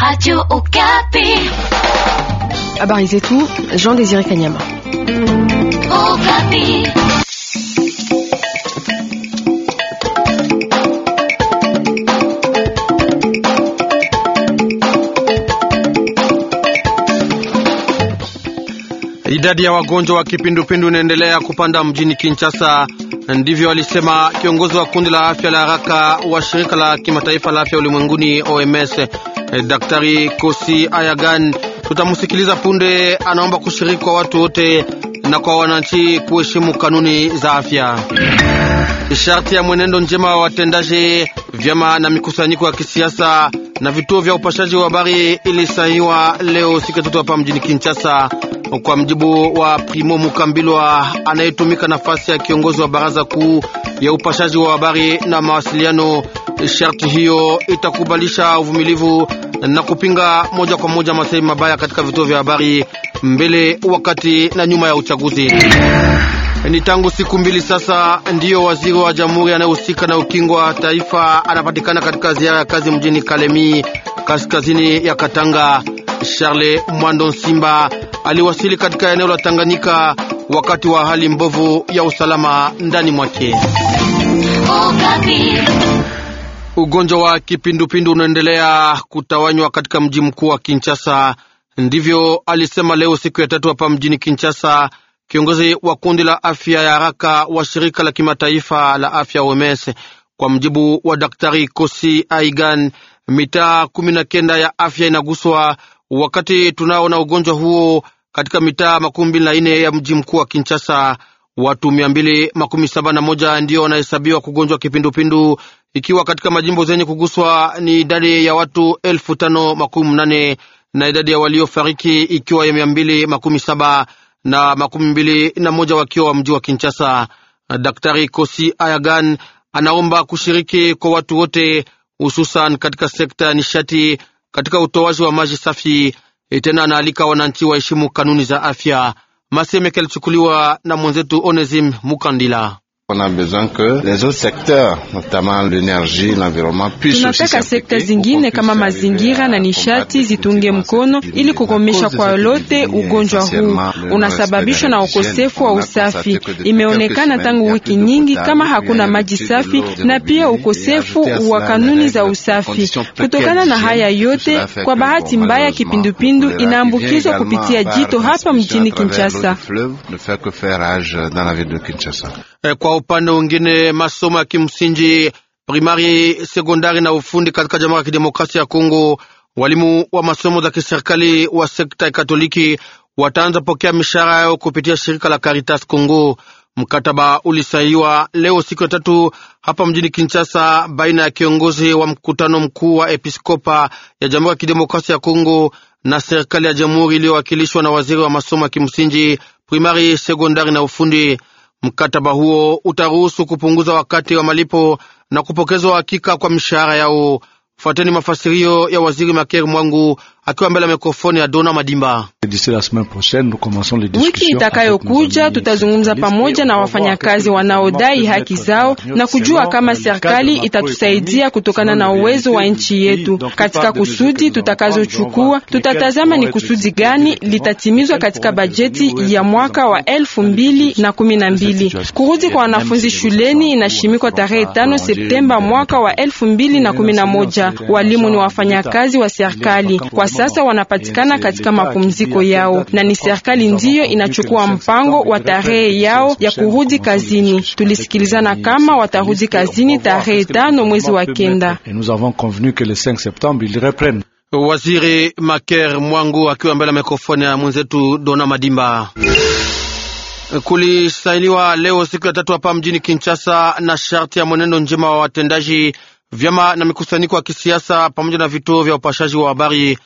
Radio Okapi. Habari zetu Jean Désiré Kanyama. Okapi. Idadi ya wagonjwa wa kipindupindu inaendelea kupanda mjini Kinshasa. Ndivyo alisema kiongozi wa kundi la afya la haraka wa shirika la kimataifa la afya ulimwenguni OMS Eh, Daktari Kosi Ayagan tutamusikiliza punde. Anaomba kushiriki kwa watu wote na kwa wananchi kuheshimu kanuni za afya. Sharti ya mwenendo njema wa watendaji vyama na mikusanyiko ya kisiasa na vituo vya upashaji wa habari ilisainiwa leo siku tatu hapa mjini Kinshasa, kwa mjibu wa Primo Mukambilwa anayetumika nafasi ya kiongozi wa baraza kuu ya upashaji wa habari na mawasiliano Sharti hiyo itakubalisha uvumilivu na kupinga moja kwa moja masemi mabaya katika vituo vya habari mbele, wakati na nyuma ya uchaguzi. Ni tangu siku mbili sasa ndiyo waziri wa jamhuri anayehusika na ukingo wa taifa anapatikana katika ziara ya kazi mjini Kalemi, kaskazini ya Katanga. Charles Mwando Simba aliwasili katika eneo la Tanganyika wakati wa hali mbovu ya usalama ndani mwake. Oh, Ugonjwa wa kipindupindu unaendelea kutawanywa katika mji mkuu wa Kinshasa. Ndivyo alisema leo siku ya tatu hapa mjini Kinshasa kiongozi wa kundi la afya ya haraka wa shirika la kimataifa la afya OMS. Kwa mjibu wa Daktari Kosi Aigan, mitaa kumi na kenda ya afya inaguswa wakati tunao na ugonjwa huo katika mitaa makumi mbili na nne ya mji mkuu wa Kinshasa. Watu mia mbili makumi saba na moja ndio wanahesabiwa kugonjwa kipindupindu ikiwa katika majimbo zenye kuguswa ni idadi ya watu elfu tano makumi mnane na idadi ya waliofariki ikiwa ya mia mbili makumi saba na makumi mbili na moja wakiwa wa mji wa Kinshasa. Daktari Kosi Ayagan anaomba kushiriki kwa watu wote, hususan katika sekta ya nishati, katika utoaji wa maji safi. Tena anaalika wananchi waheshimu kanuni za afya. Maseme alichukuliwa na mwenzetu Onesim Mukandila. On a besoin que les autres secteurs, notamment l'énergie, l'environnement, puissent tunataka sekta zingine kama mazingira na nishati zitunge mkono ili kukomesha kwa lote ugonjwa huu unasababishwa na ukosefu wa usafi. Imeonekana tangu wiki nyingi kama hakuna maji safi na pia ukosefu wa kanuni za usafi. Kutokana na haya yote, kwa bahati mbaya, kipindupindu inaambukizwa kupitia jito hapa mjini Kinshasa. Eh, kwa upande mwingine, masomo ya kimsingi primari, sekondari na ufundi katika Jamhuri ya Kidemokrasia ya Kongo, walimu wa masomo za kiserikali wa sekta ya Katoliki wataanza pokea mishahara yao kupitia shirika la Caritas congo Mkataba ulisainiwa leo siku ya tatu hapa mjini Kinshasa, baina ya kiongozi wa mkutano mkuu wa episkopa ya Jamhuri ya Kidemokrasia ya Kongo na serikali ya jamhuri iliyowakilishwa na waziri wa masomo ya kimsingi primari, sekondari na ufundi. Mkataba huo utaruhusu kupunguza wakati wa malipo na kupokezwa hakika kwa mishahara yao. Fuateni mafasirio ya waziri Makeri Mwangu akiwa mbele ya mikrofoni ya Dona Madimba. Wiki itakayokuja tutazungumza pamoja na wafanyakazi wanaodai haki zao na kujua kama serikali itatusaidia kutokana na uwezo wa nchi yetu. Katika kusudi tutakazochukua, tutatazama ni kusudi gani litatimizwa katika bajeti ya mwaka wa elfu mbili na kumi na mbili. Kurudi kwa wanafunzi shuleni inashimikwa tarehe tano Septemba mwaka wa elfu mbili na kumi na moja. Walimu ni wafanyakazi wa serikali kwa sasa wanapatikana katika mapumziko yao, na ni serikali ndiyo inachukua mpango wa tarehe yao ya kurudi kazini. Tulisikilizana kama watarudi kazini tarehe tano mwezi wa kenda. Waziri Maker Mwangu akiwa mbele ya mikrofoni ya mwenzetu Dona Madimba. Kulisainiwa leo siku ya tatu hapa mjini Kinshasa na sharti ya mwenendo njema wa watendaji vyama na mikusanyiko ya kisiasa pamoja na vituo vya upashaji wa habari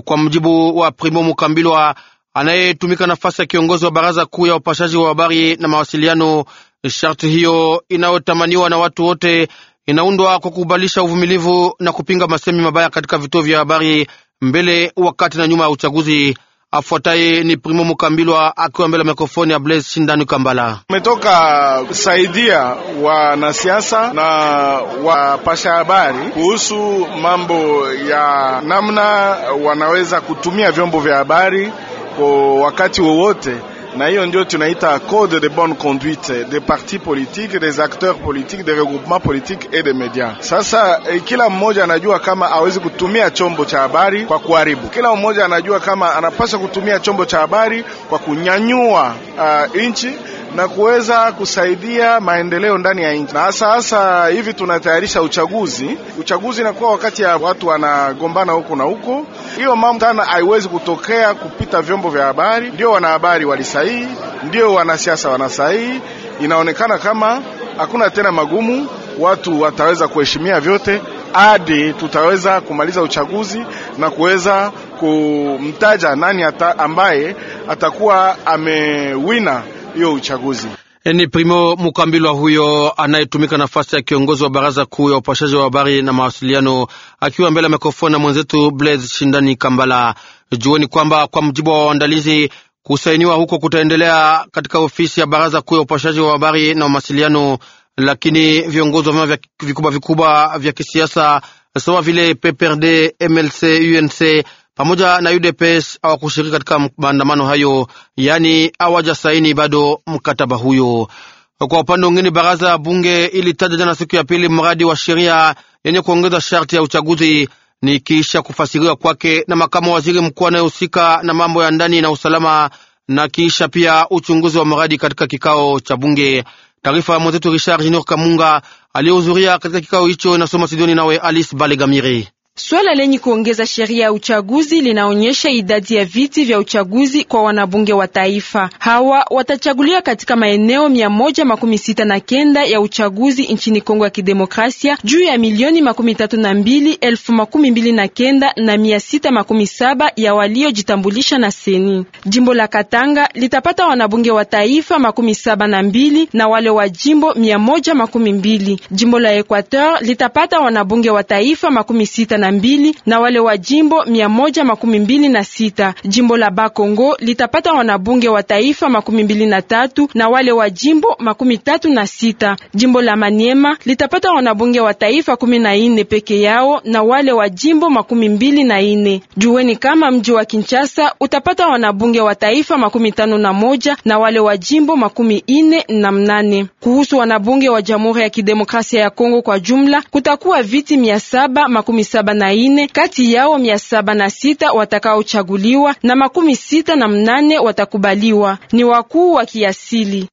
kwa mjibu wa Primo Mukambilwa anayetumika nafasi ya kiongozi wa baraza kuu ya upashaji wa habari na mawasiliano. Sharti hiyo inayotamaniwa na watu wote inaundwa kwa kukubalisha uvumilivu na kupinga masemi mabaya katika vituo vya habari mbele, wakati na nyuma ya uchaguzi. Afuataye ni Primo Mukambilwa akiwa mbele ya mikrofoni ya Blaise Shindani Kambala. Umetoka kusaidia wanasiasa na wapasha habari kuhusu mambo ya namna wanaweza kutumia vyombo vya habari kwa wakati wowote na hiyo ndio tunaita code de bonne conduite des partis politiques, des acteurs politiques, des regroupements politiques et des médias. Sasa eh, kila mmoja anajua kama hawezi kutumia chombo cha habari kwa kuharibu. Kila mmoja anajua kama anapaswa kutumia chombo cha habari kwa kunyanyua uh, nchi na kuweza kusaidia maendeleo ndani ya nchi. Na hasa hasa hivi tunatayarisha uchaguzi. Uchaguzi inakuwa wakati ya watu wanagombana huko na huko, hiyo mambo tena haiwezi kutokea kupita vyombo vya habari. Ndio wanahabari walisahihi, ndio wanasiasa wanasahihi. Inaonekana kama hakuna tena magumu, watu wataweza kuheshimia vyote hadi tutaweza kumaliza uchaguzi na kuweza kumtaja nani ata ambaye atakuwa amewina hiyo uchaguzi. Eh, ni Primo Mukambilwa huyo anayetumika nafasi ya kiongozi wa baraza kuu ya upashaji wa habari na mawasiliano, akiwa mbele ya mikrofoni na mwenzetu Blaise Shindani Kambala. Jueni kwamba kwa mjibu wa waandalizi, kusainiwa huko kutaendelea katika ofisi ya baraza kuu ya upashaji wa habari na mawasiliano, lakini viongozi wa vyama vikubwa vikubwa vya kisiasa sawa vile PPRD, MLC, UNC pamoja na UDPS hawakushiriki katika maandamano hayo, yaani hawajasaini bado mkataba huyo. Kwa upande mwingine, baraza ya bunge ilitaja jana siku ya pili mradi wa sheria yenye kuongeza sharti ya uchaguzi ni kisha kufasiriwa kwake na makamu waziri mkuu anayehusika na mambo ya ndani na usalama, na kisha pia uchunguzi wa mradi katika kikao cha bunge. Taarifa ya mwenzetu Richard Junior Kamunga aliyehudhuria katika kikao hicho inasoma studioni nawe Alice Balegamiri. Swala lenye kuongeza sheria ya uchaguzi linaonyesha idadi ya viti vya uchaguzi kwa wanabunge wa taifa. Hawa watachaguliwa katika maeneo mia moja makumi sita na kenda ya uchaguzi nchini Kongo ya Kidemokrasia, juu ya milioni makumi tatu na mbili elfu makumi mbili na kenda na mia sita makumi saba ya waliojitambulisha na seni. Jimbo la Katanga litapata wanabunge wa taifa makumi saba na mbili na wale wa jimbo mia moja makumi mbili. Jimbo la Equateur litapata wanabunge wa taifa makumi sita na na mbili na wale wa jimbo mia moja makumi mbili na sita. Jimbo la Bakongo litapata wanabunge wa taifa makumi mbili na tatu na wale wa jimbo makumi tatu na sita. Jimbo la Maniema litapata wanabunge wa taifa kumi na ine peke yao na wale wa jimbo makumi mbili na ine. Juweni kama mji wa Kinshasa utapata wanabunge wa taifa makumi tano na moja na wale wa jimbo makumi ine na mnane. Kuhusu wanabunge wa Jamhuri ya Kidemokrasia ya Kongo kwa jumla kutakuwa viti mia saba makumi saba na ine kati yao mia saba na sita watakaochaguliwa na makumi sita na mnane watakubaliwa ni wakuu wa kiasili.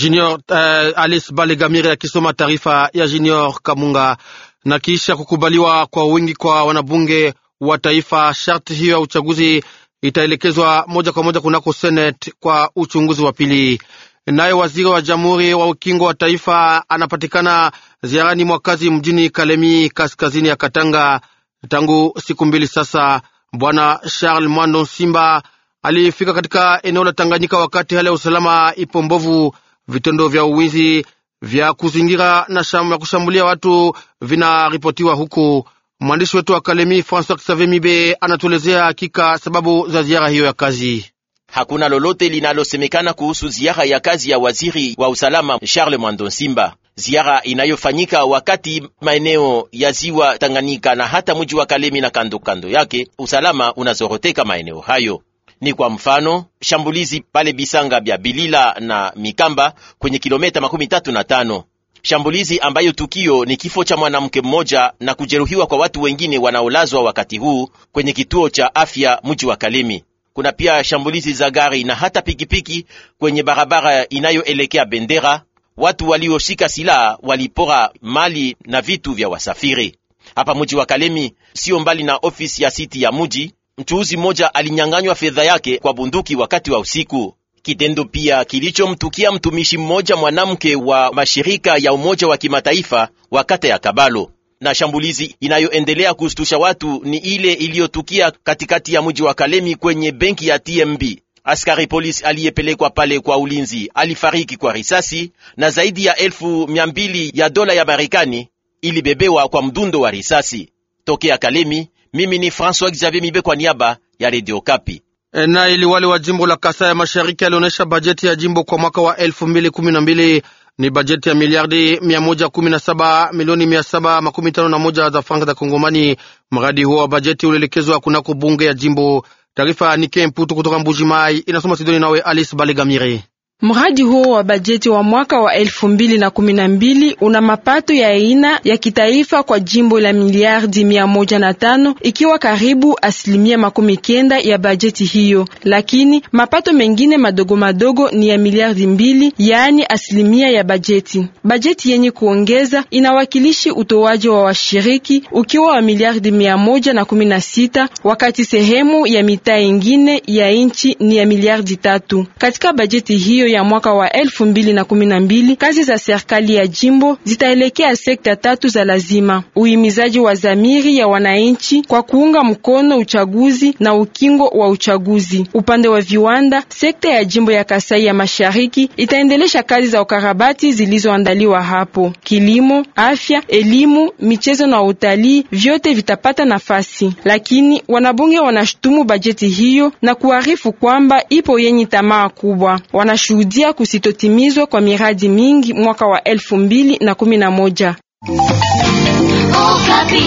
Junior uh, Alice Balegamire akisoma taarifa ya Junior Kamunga. Na kisha kukubaliwa kwa wingi kwa wanabunge wa taifa, sharti hiyo ya uchaguzi itaelekezwa moja kwa moja kunako Senate kwa uchunguzi wa pili. Naye waziri wa jamhuri wa ukingo wa taifa anapatikana ziarani mwakazi mjini Kalemi, kaskazini ya Katanga. Tangu siku mbili sasa, bwana Charles Mwando Simba alifika katika eneo la Tanganyika wakati hali ya usalama ipo mbovu. Vitendo vya uwizi vya kuzingira na sham, kushambulia watu vinaripotiwa huku. Mwandishi wetu wa Kalemi François Xavier Mibe anatuelezea hakika sababu za ziara hiyo ya kazi. Hakuna lolote linalosemekana kuhusu ziara ya kazi ya waziri wa usalama Charles Mwando Simba ziara inayofanyika wakati maeneo ya ziwa Tanganyika na hata mji wa Kalemi na kando kando yake usalama unazoroteka maeneo hayo. Ni kwa mfano shambulizi pale Bisanga bya Bilila na Mikamba kwenye kilometa makumi tatu na tano shambulizi ambayo tukio ni kifo cha mwanamke mmoja na kujeruhiwa kwa watu wengine wanaolazwa wakati huu kwenye kituo cha afya mji wa Kalemi. Kuna pia shambulizi za gari na hata pikipiki kwenye barabara inayoelekea Bendera watu walioshika silaha walipora mali na vitu vya wasafiri hapa muji wa Kalemi, sio mbali na ofisi ya siti ya muji. Mchuuzi mmoja alinyang'anywa fedha yake kwa bunduki wakati wa usiku, kitendo pia kilichomtukia mtumishi mmoja mwanamke wa mashirika ya Umoja wa Kimataifa wa kata ya Kabalo. Na shambulizi inayoendelea kustusha watu ni ile iliyotukia katikati ya muji wa Kalemi kwenye benki ya TMB. Askari polisi aliyepelekwa pale kwa ulinzi alifariki kwa risasi na zaidi ya elfu mia mbili ya dola ya Marekani ilibebewa kwa mdundo wa risasi. Tokea Kalemi, mimi ni François Xavier Mibe kwa niaba ya Radio Kapi. E, na wale wa jimbo la Kasai ya Mashariki alionyesha bajeti ya jimbo kwa mwaka wa 2012 ni bajeti ya miliardi 117 milioni 751 za franka za Kongomani. Mradi huo wa bajeti ulielekezwa kunako bunge ya jimbo Taarifa ni Kemputu kutoka Mbuji Mai, inasoma Sidoni nawe Alice balegamire Mradi huo wa bajeti wa mwaka wa elfu mbili na kumi na mbili una mapato ya aina ya kitaifa kwa jimbo la miliardi mia moja na tano ikiwa karibu asilimia makumi kenda ya bajeti hiyo, lakini mapato mengine madogo madogo ni ya miliardi mbili yaani asilimia ya bajeti. Bajeti yenye kuongeza inawakilishi utoaji wa washiriki ukiwa wa miliardi mia moja na kumi na sita wakati sehemu ya mitaa ingine ya nchi ni ya miliardi tatu katika bajeti hiyo hiyo ya mwaka wa elfu mbili na kumi na mbili kazi za serikali ya jimbo zitaelekea sekta tatu za lazima: uhimizaji wa zamiri ya wananchi kwa kuunga mkono uchaguzi na ukingo wa uchaguzi. Upande wa viwanda, sekta ya jimbo ya Kasai ya Mashariki itaendelesha kazi za ukarabati zilizoandaliwa hapo. Kilimo, afya, elimu, michezo na utalii vyote vitapata nafasi, lakini wanabunge wanashutumu bajeti hiyo na kuarifu kwamba ipo yenye tamaa kubwa. Wanashu kushuhudia kusitotimizwa kwa miradi mingi mwaka wa elfu mbili na kumi na moja. Okapi.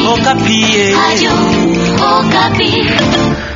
Oh, Okapi. Oh, eh.